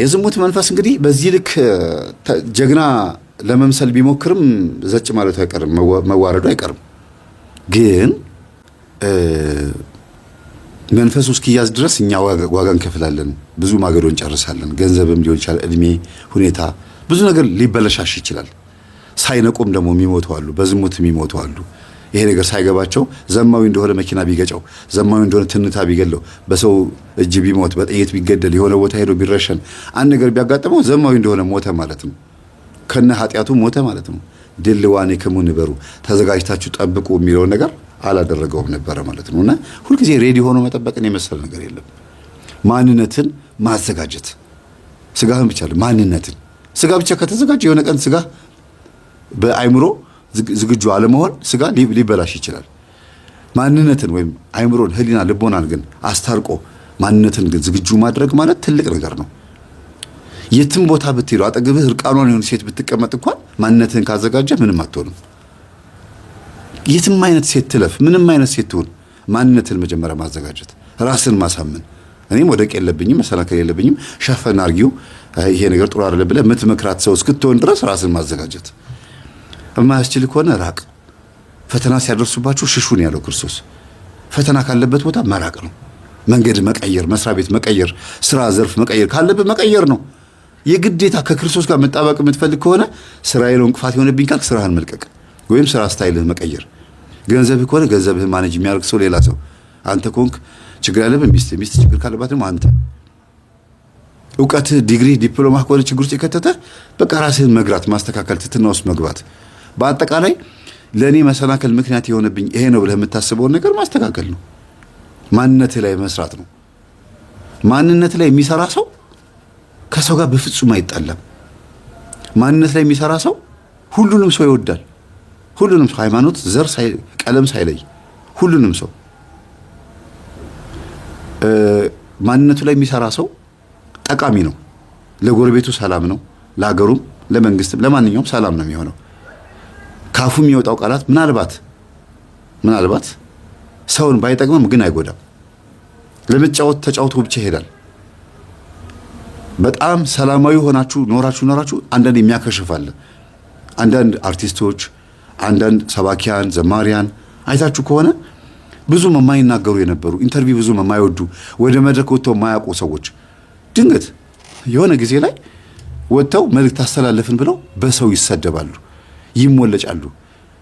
የዝሙት መንፈስ እንግዲህ በዚህ ልክ ጀግና ለመምሰል ቢሞክርም ዘጭ ማለቱ አይቀርም፣ መዋረዱ አይቀርም። ግን መንፈሱ እስኪያዝ ድረስ እኛ ዋጋ እንከፍላለን፣ ብዙ ማገዶ እንጨርሳለን። ገንዘብም ሊሆን ይችላል፣ እድሜ፣ ሁኔታ፣ ብዙ ነገር ሊበለሻሽ ይችላል። ሳይነቁም ደግሞ የሚሞቱ አሉ፣ በዝሙት የሚሞቱ አሉ። ይሄ ነገር ሳይገባቸው ዘማዊ እንደሆነ መኪና ቢገጨው፣ ዘማዊ እንደሆነ ትንታ ቢገለው፣ በሰው እጅ ቢሞት፣ በጥይት ቢገደል፣ የሆነ ቦታ ሄዶ ቢረሸን፣ አንድ ነገር ቢያጋጥመው ዘማዊ እንደሆነ ሞተ ማለት ነው። ከነ ኃጢአቱ ሞተ ማለት ነው። ድል ዋኔክሙ ንበሩ፣ ተዘጋጅታችሁ ጠብቁ የሚለውን ነገር አላደረገውም ነበረ ማለት ነው። እና ሁልጊዜ ሬዲ ሆኖ መጠበቅን የመሰለ ነገር የለም። ማንነትን ማዘጋጀት ስጋህን ብቻ ማንነትን ስጋ ብቻ ከተዘጋጀ የሆነ ቀን ስጋ በአይምሮ ዝግጁ አለመሆን ስጋ ሊበላሽ ይችላል። ማንነትን ወይም አይምሮን፣ ህሊና፣ ልቦናን ግን አስታርቆ ማንነትን ግን ዝግጁ ማድረግ ማለት ትልቅ ነገር ነው። የትም ቦታ ብትሄዱ አጠገብህ እርቃኗን የሆነ ሴት ብትቀመጥ እንኳን ማንነትህን ካዘጋጀ ምንም አትሆንም። የትም አይነት ሴት ትለፍ፣ ምንም አይነት ሴት ትሁን፣ ማንነትን መጀመሪያ ማዘጋጀት፣ ራስን ማሳመን እኔም ወደቅ የለብኝም መሰናከል የለብኝም ሸፈን አርጊው ይሄ ነገር ጥሩ አይደለም ብለህ የምትመክራት ሰው እስክትሆን ድረስ ራስን ማዘጋጀት የማያስችል ከሆነ ራቅ። ፈተና ሲያደርሱባችሁ ሽሹን ያለው ክርስቶስ ፈተና ካለበት ቦታ መራቅ ነው። መንገድ መቀየር፣ መስሪያ ቤት መቀየር፣ ስራ ዘርፍ መቀየር ካለብህ መቀየር ነው። የግዴታ ከክርስቶስ ጋር መጣበቅ የምትፈልግ ከሆነ ስራ የለው እንቅፋት የሆነብኝ ካልክ ስራህን መልቀቅ ወይም ስራ ስታይልህ መቀየር። ገንዘብህ ከሆነ ገንዘብህ ማነጅ የሚያደርግ ሰው ሌላ ሰው፣ አንተ ከሆንክ ችግር ያለብህ ሚስት፣ ሚስት ችግር ካለባት ደግሞ አንተ። እውቀትህ ዲግሪ፣ ዲፕሎማ ከሆነ ችግር ውስጥ የከተተ በቃ ራስህን መግራት ማስተካከል፣ ትትና ውስጥ መግባት በአጠቃላይ ለእኔ መሰናከል ምክንያት የሆነብኝ ይሄ ነው ብለህ የምታስበውን ነገር ማስተካከል ነው። ማንነትህ ላይ መስራት ነው። ማንነት ላይ የሚሰራ ሰው ከሰው ጋር በፍጹም አይጣላም። ማንነት ላይ የሚሰራ ሰው ሁሉንም ሰው ይወዳል። ሁሉንም ሰው ሃይማኖት፣ ዘር፣ ቀለም ሳይለይ ሁሉንም ሰው ማንነቱ ላይ የሚሰራ ሰው ጠቃሚ ነው። ለጎረቤቱ ሰላም ነው፣ ለሀገሩም፣ ለመንግስትም፣ ለማንኛውም ሰላም ነው የሚሆነው። ካፉ የሚወጣው ቃላት ምናልባት ምናልባት ሰውን ባይጠቅምም ግን አይጎዳም። ለመጫወት ተጫውቶ ብቻ ይሄዳል። በጣም ሰላማዊ ሆናችሁ ኖራችሁ ኖራችሁ አንዳንድ የሚያከሽፋል። አንዳንድ አርቲስቶች፣ አንዳንድ ሰባኪያን፣ ዘማሪያን አይታችሁ ከሆነ ብዙ የማይናገሩ የነበሩ ኢንተርቪው ብዙ የማይወዱ ወደ መድረክ ወጥተው የማያውቁ ሰዎች ድንገት የሆነ ጊዜ ላይ ወጥተው መልእክት አስተላለፍን ብለው በሰው ይሰደባሉ። ይሞለጫሉ።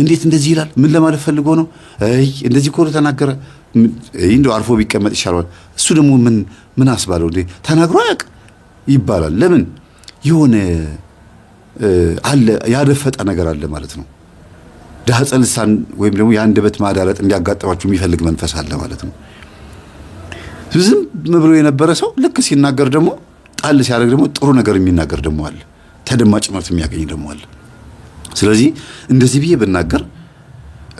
እንዴት እንደዚህ ይላል? ምን ለማለት ፈልጎ ነው? አይ እንደዚህ ኮሎ ተናገረ፣ እንደው አልፎ ቢቀመጥ ይሻለዋል። እሱ ደግሞ ምን ምን አስባለው እንዴ ተናግሮ ያቅ ይባላል። ለምን የሆነ አለ ያደፈጠ ነገር አለ ማለት ነው። ዳህፀ ልሳን ወይም ደግሞ የአንደበት ማዳረጥ እንዲያጋጥማችሁ የሚፈልግ መንፈስ አለ ማለት ነው። ዝም ብሎ የነበረ ሰው ልክ ሲናገር ደግሞ ጣል ሲያደርግ ደግሞ ጥሩ ነገር የሚናገር ደግሞ አለ። ተደማጭነት የሚያገኝ ደግሞ አለ። ስለዚህ እንደዚህ ብዬ ብናገር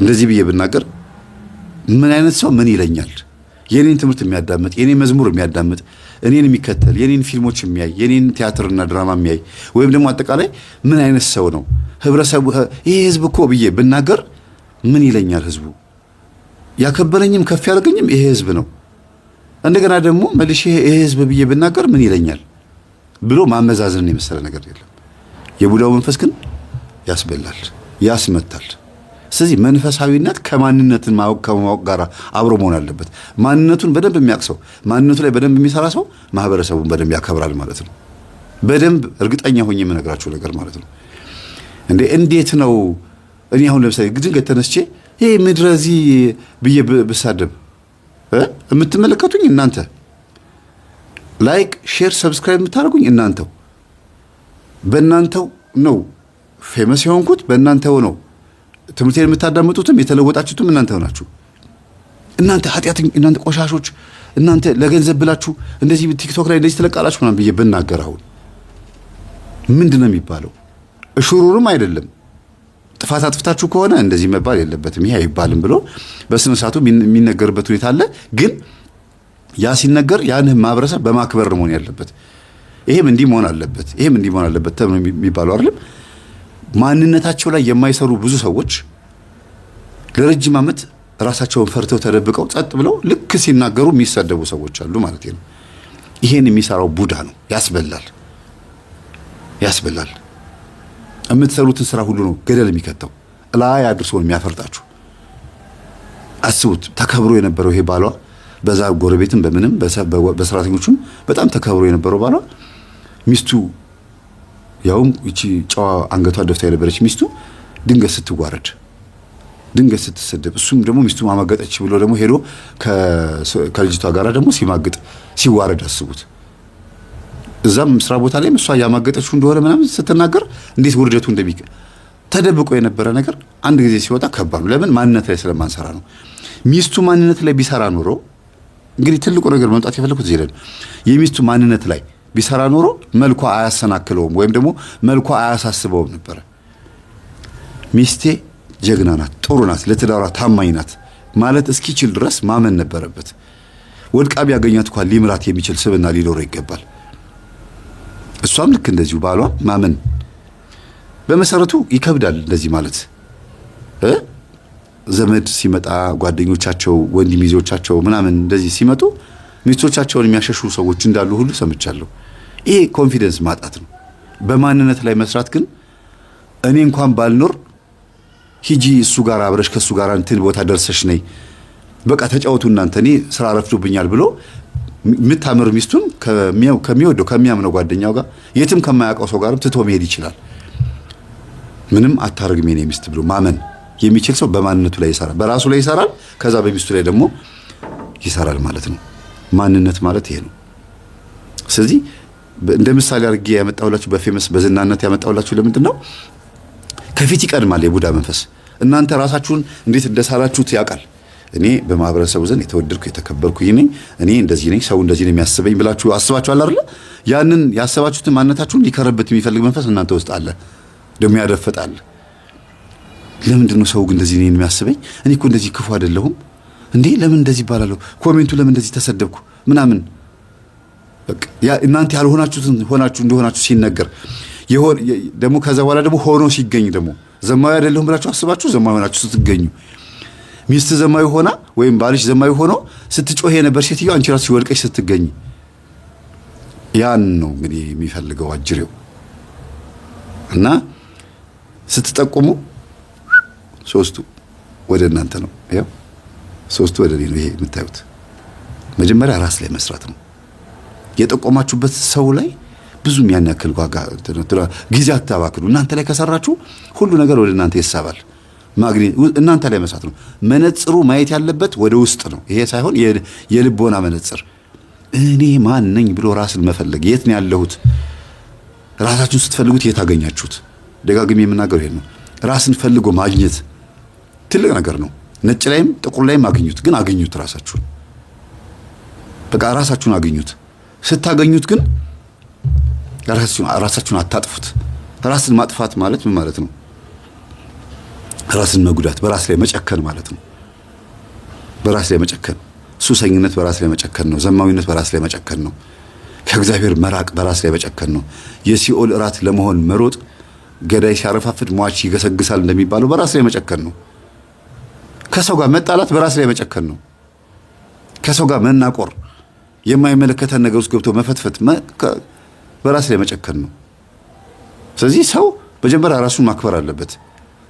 እንደዚህ ብዬ ብናገር ምን አይነት ሰው ምን ይለኛል? የኔን ትምህርት የሚያዳምጥ የኔን መዝሙር የሚያዳምጥ እኔን የሚከተል የኔን ፊልሞች የሚያይ የኔን ቲያትርና ድራማ የሚያይ ወይም ደግሞ አጠቃላይ ምን አይነት ሰው ነው ህብረሰቡ? ይሄ ህዝብ እኮ ብዬ ብናገር ምን ይለኛል ህዝቡ? ያከበረኝም ከፍ ያደርገኝም ይሄ ህዝብ ነው። እንደገና ደግሞ መልሼ ይሄ ህዝብ ብዬ ብናገር ምን ይለኛል ብሎ ማመዛዘንን የመሰለ ነገር የለም። የቡዳው መንፈስ ግን ያስበላል፣ ያስመታል። ስለዚህ መንፈሳዊነት ከማንነትን ማወቅ ከማወቅ ጋር አብሮ መሆን አለበት። ማንነቱን በደንብ የሚያውቅ ሰው፣ ማንነቱ ላይ በደንብ የሚሰራ ሰው ማህበረሰቡን በደንብ ያከብራል ማለት ነው። በደንብ እርግጠኛ ሆኜ የምነግራችሁ ነገር ማለት ነው። እንዴ እንዴት ነው እኔ አሁን ለምሳሌ ድንገት ተነስቼ ይህ ምድረ እዚህ ብዬ ብሳደብ የምትመለከቱኝ እናንተ፣ ላይክ ሼር፣ ሰብስክራይብ የምታደርጉኝ እናንተው፣ በእናንተው ነው ፌመስ የሆንኩት በእናንተ ሆነው ትምህርቴን የምታዳምጡትም የተለወጣችሁትም እናንተ ሆናችሁ እናንተ ኃጢአት፣ እናንተ ቆሻሾች፣ እናንተ ለገንዘብ ብላችሁ እንደዚህ ቲክቶክ ላይ እንደዚህ ትለቃላችሁ ምናምን ብዬ ብናገር አሁን ምንድን ነው የሚባለው? እሹሩርም አይደለም። ጥፋት አጥፍታችሁ ከሆነ እንደዚህ መባል የለበትም ይሄ አይባልም ብሎ በስነ ስርዓቱ የሚነገርበት ሁኔታ አለ። ግን ያ ሲነገር ያንህ ማህበረሰብ በማክበር መሆን ያለበት ይሄም እንዲህ መሆን አለበት፣ ይሄም እንዲህ መሆን አለበት ተብሎ የሚባለው አይደለም። ማንነታቸው ላይ የማይሰሩ ብዙ ሰዎች ለረጅም ዓመት ራሳቸውን ፈርተው ተደብቀው ጸጥ ብለው ልክ ሲናገሩ የሚሰደቡ ሰዎች አሉ ማለት ነው። ይሄን የሚሰራው ቡዳ ነው። ያስበላል ያስበላል። የምትሰሩትን ስራ ሁሉ ነው ገደል የሚከተው ላይ አድርሶ የሚያፈርጣችሁ። አስቡት። ተከብሮ የነበረው ይሄ ባሏ በዛ ጎረቤትም በምንም በሰራተኞቹም በጣም ተከብሮ የነበረው ባሏ ሚስቱ ያውም ይቺ ጨዋ አንገቷ ደፍታ የነበረች ሚስቱ ድንገት ስትዋረድ ድንገት ስትሰደብ እሱም ደግሞ ሚስቱ ማማገጠች ብሎ ደግሞ ሄዶ ከልጅቷ ጋር ደግሞ ሲማግጥ ሲዋረድ አስቡት። እዛም ስራ ቦታ ላይም እሷ እያማገጠችው እንደሆነ ምናምን ስትናገር እንዴት ውርደቱ እንደሚቀ ተደብቆ የነበረ ነገር አንድ ጊዜ ሲወጣ ከባድ ነው። ለምን ማንነት ላይ ስለማንሰራ ነው። ሚስቱ ማንነት ላይ ቢሰራ ኖሮ እንግዲህ ትልቁ ነገር መምጣት የፈለኩት ዜለ የሚስቱ ማንነት ላይ ቢሰራ ኖሮ መልኳ አያሰናክለውም ወይም ደግሞ መልኳ አያሳስበውም ነበረ። ሚስቴ ጀግና ናት፣ ጥሩ ናት፣ ለትዳሯ ታማኝ ናት ማለት እስኪችል ድረስ ማመን ነበረበት። ወድቃ ቢያገኛት እንኳን ሊምራት የሚችል ስብና ሊኖረው ይገባል። እሷም ልክ እንደዚሁ ባሏ ማመን በመሰረቱ ይከብዳል። እንደዚህ ማለት ዘመድ ሲመጣ ጓደኞቻቸው፣ ወንድ ሚዜዎቻቸው ምናምን እንደዚህ ሲመጡ ሚስቶቻቸውን የሚያሸሹ ሰዎች እንዳሉ ሁሉ ሰምቻለሁ። ይሄ ኮንፊደንስ ማጣት ነው። በማንነት ላይ መስራት ግን እኔ እንኳን ባልኖር ሂጂ እሱ ጋር አብረሽ ከእሱ ጋር እንትን ቦታ ደርሰሽ ነይ በቃ ተጫወቱ እናንተ እኔ ስራ ረፍዶብኛል ብሎ የምታምር ሚስቱን ከሚወደው ከሚያምነው ጓደኛው ጋር የትም ከማያውቀው ሰው ጋርም ትቶ መሄድ ይችላል። ምንም አታርግሜ ነው ሚስት ብሎ ማመን የሚችል ሰው በማንነቱ ላይ ይሰራል፣ በራሱ ላይ ይሰራል፣ ከዛ በሚስቱ ላይ ደግሞ ይሰራል ማለት ነው። ማንነት ማለት ይሄ ነው። ስለዚህ እንደ ምሳሌ አድርጌ ያመጣሁላችሁ በፌመስ በዝናነት ያመጣሁላችሁ ለምንድን ነው? ከፊት ይቀድማል የቡዳ መንፈስ። እናንተ ራሳችሁን እንዴት እንደሳላችሁት ያውቃል። እኔ በማህበረሰቡ ዘንድ የተወደድኩ የተከበርኩ ይህ ነኝ፣ እኔ እንደዚህ ነኝ፣ ሰው እንደዚህ ነው የሚያስበኝ ብላችሁ አስባችኋል አይደለ? ያንን ያሰባችሁትን ማንነታችሁን ሊከረበት የሚፈልግ መንፈስ እናንተ ውስጥ አለ፣ ደግሞ ያደፈጣል። ለምንድን ነው ሰው እንደዚህ ነው የሚያስበኝ? እኔ እኮ እንደዚህ ክፉ አይደለሁም እንዴ? ለምን እንደዚህ ይባላለሁ? ኮሜንቱ ለምን እንደዚህ ተሰደብኩ ምናምን እናንተ ያልሆናችሁትን ሆናችሁ እንደሆናችሁ ሲነገር ደግሞ ከዛ በኋላ ደግሞ ሆኖ ሲገኝ ደግሞ ዘማዊ አይደለሁም ብላችሁ አስባችሁ ዘማዊ ሆናችሁ ስትገኙ ሚስት ዘማዊ ሆና ወይም ባልሽ ዘማዊ ሆኖ ስትጮህ የነበር ሴትዮ አንቺ ራስሽ ስትገኝ ያን ነው እንግዲህ የሚፈልገው አጅሬው እና ስትጠቁሙ ሶስቱ ወደ እናንተ ነው። ያው ሶስቱ ወደ እኔ ነው። ይሄ የምታዩት መጀመሪያ ራስ ላይ መስራት ነው። የጠቆማችሁበት ሰው ላይ ብዙም ያን ያክል ጊዜ አታባክሉ። እናንተ ላይ ከሰራችሁ ሁሉ ነገር ወደ እናንተ ይሳባል። እናንተ ላይ መስራት ነው። መነጽሩ ማየት ያለበት ወደ ውስጥ ነው። ይሄ ሳይሆን የልቦና መነጽር እኔ ማን ነኝ ብሎ ራስን መፈለግ። የት ነው ያለሁት? ራሳችሁን ስትፈልጉት የት አገኛችሁት? ደጋግሜ የምናገሩ ይሄ ነው። ራስን ፈልጎ ማግኘት ትልቅ ነገር ነው። ነጭ ላይም ጥቁር ላይም አገኙት፣ ግን አገኙት። ራሳችሁን በቃ ራሳችሁን አገኙት። ስታገኙት ግን ራሳችሁን አታጥፉት። ራስን ማጥፋት ማለት ምን ማለት ነው? ራስን መጉዳት፣ በራስ ላይ መጨከን ማለት ነው። በራስ ላይ መጨከን፣ ሱሰኝነት በራስ ላይ መጨከን ነው። ዘማዊነት በራስ ላይ መጨከን ነው። ከእግዚአብሔር መራቅ በራስ ላይ መጨከን ነው። የሲኦል እራት ለመሆን መሮጥ፣ ገዳይ ሲያረፋፍድ ሟች ይገሰግሳል እንደሚባለው በራስ ላይ መጨከን ነው። ከሰው ጋር መጣላት በራስ ላይ መጨከን ነው። ከሰው ጋር መናቆር የማይመለከተን ነገር ውስጥ ገብቶ መፈትፈት በራስ ላይ መጨከን ነው። ስለዚህ ሰው መጀመሪያ ራሱን ማክበር አለበት።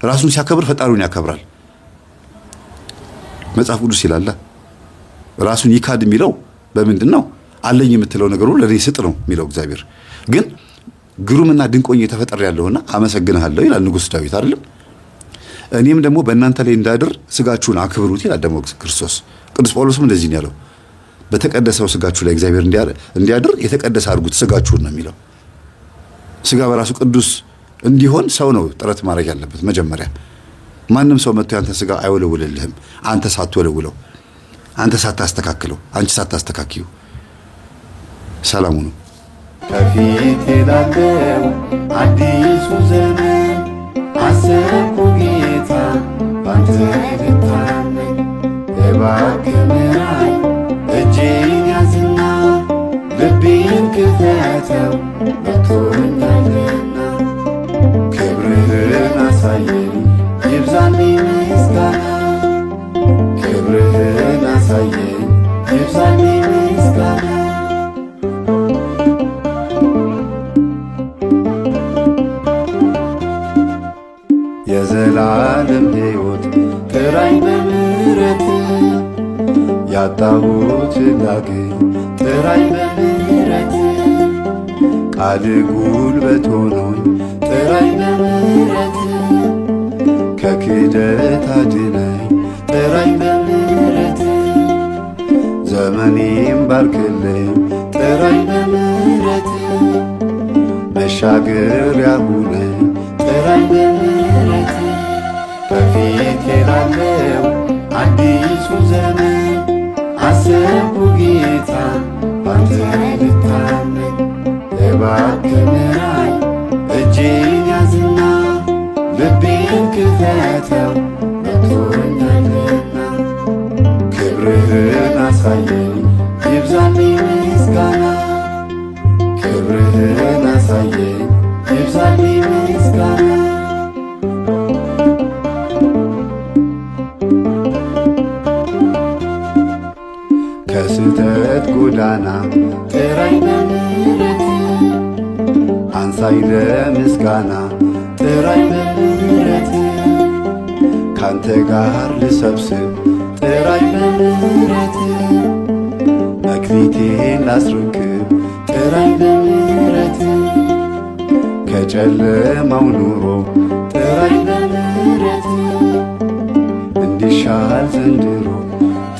ራሱን ሲያከብር ፈጣሪውን ያከብራል። መጽሐፍ ቅዱስ ይላል ራሱን ይካድ የሚለው በምንድን ነው? አለኝ የምትለው ነገር ሁሉ ለእኔ ስጥ ነው የሚለው እግዚአብሔር። ግን ግሩምና ድንቆኝ የተፈጠረ ያለውና አመሰግንሃለሁ ይላል ንጉሥ ዳዊት አይደለም። እኔም ደግሞ በእናንተ ላይ እንዳድር ስጋችሁን አክብሩት ይላል ደግሞ ክርስቶስ። ቅዱስ ጳውሎስም እንደዚህ ነው ያለው በተቀደሰው ስጋችሁ ላይ እግዚአብሔር እንዲያድር የተቀደሰ አድርጉት ስጋችሁን ነው የሚለው። ስጋ በራሱ ቅዱስ እንዲሆን ሰው ነው ጥረት ማድረግ ያለበት። መጀመሪያ ማንም ሰው መጥቶ ያንተ ስጋ አይወለውልልህም። አንተ ሳትወለውለው፣ አንተ ሳታስተካክለው፣ አንቺ ሳታስተካክዩ ሰላሙ ነው። ከፊት ላለው አዲሱ ዘመን አሰብኩ ጌታ ባንተ ልታነኝ Jesus, the being of the ፈቃድ ጉልበት ሆኖኝ ጥራኝ በምሕረት ከክደት አድነኝ ጥራኝ በምሕረት ዘመኔም ባርክልኝ ጥራኝ በምሕረት መሻገሪያ ሁነኝ ጥራኝ በምሕረት ከፊቴ ላለው አዲሱ ዘመን አሰብኩ ጌታ ባንተ ልታመን ባትምራይ እጄን ያዝና ልቤን ክፈተው መቶኛልና ክብርህን አሳየኝ ይብዛልኝ ምስጋና ክብርህን አሳየኝ ይብዛልኝ ምስጋና ከስህተት ጎዳና ሳይረ ምስጋና ጥራኝ በምሕረት ካንተ ጋር ልሰብስብ ጥራይ በምሕረት መክሊቴን ላስርክብ ጥራይ በምሕረት ከጨለማው ኑሮ ጥራይ በምሕረት እንዲሻል ዘንድሮ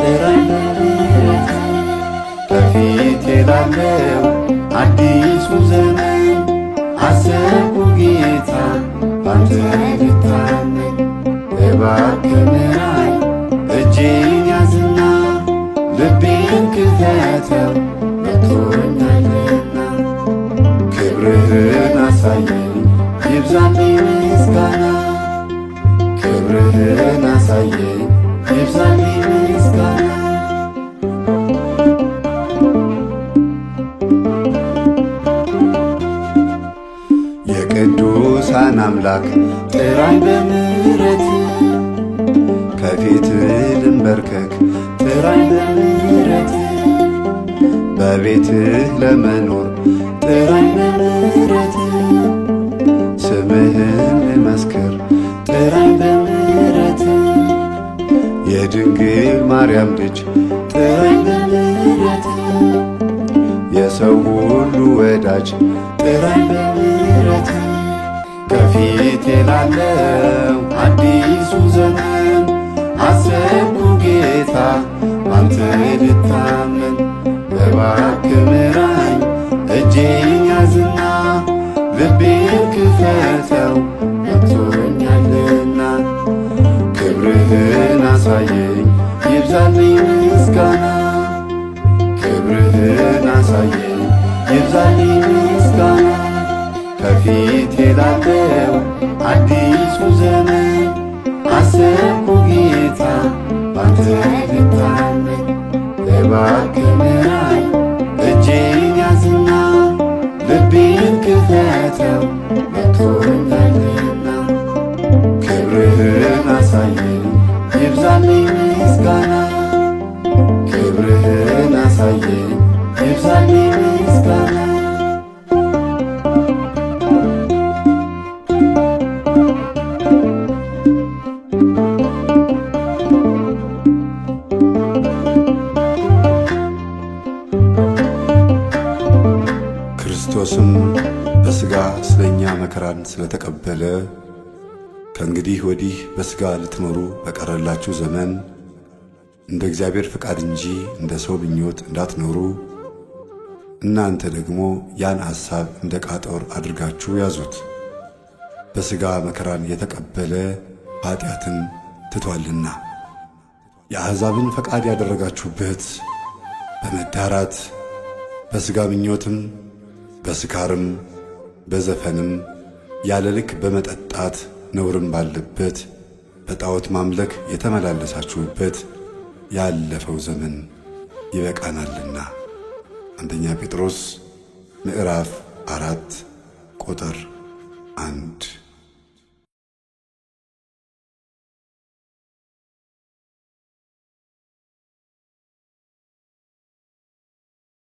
ጥራይ በምሕረት ከፊቴ ላለው አዲሱ እባክህን እጄን ያዝና ልቤን ክፈተው መጥቶኛልና ክብርህን አሳየኝ ይብዛልኝ ምስጋና ክብርህን አሳየኝ ይብዛልኝ ምስጋና የቅዱሳን አምላክ ጥራኝ በምን መንበርከክ ጥራኝ በምህረትህ በቤትህ ለመኖር ጥራኝ በምህረትህ ስምህን ልመስክር ጥራኝ በምህረትህ የድንግል ማርያም ልጅ ጥራኝ በምህረትህ የሰው ሁሉ ወዳጅ ጥራኝ በምህረትህ ከፊት የላለው አዲሱ ዘመን አሰብ ደስታ አንተ ልታመን እባክህ ምራኝ፣ እጄን ያዝና ልቤን ክፈተው መቶኛልና ክብርህን አሳየኝ ይብዛልኝ ምስጋና ክብርህን አሳየኝ ይብዛልኝ ምስጋና ከፊት ሄዳለው አዲስ Fatima. Fatima. በእኛ መከራን ስለተቀበለ ከእንግዲህ ወዲህ በሥጋ ልትኖሩ በቀረላችሁ ዘመን እንደ እግዚአብሔር ፈቃድ እንጂ እንደ ሰው ምኞት እንዳትኖሩ እናንተ ደግሞ ያን ሐሳብ እንደ ቃጦር አድርጋችሁ ያዙት። በሥጋ መከራን የተቀበለ ኀጢአትን ትቷልና የአሕዛብን ፈቃድ ያደረጋችሁበት በመዳራት በሥጋ ምኞትም በስካርም በዘፈንም ያለ ልክ በመጠጣት ነውርም ባለበት በጣዖት ማምለክ የተመላለሳችሁበት ያለፈው ዘመን ይበቃናልና። አንደኛ ጴጥሮስ ምዕራፍ አራት ቁጥር አንድ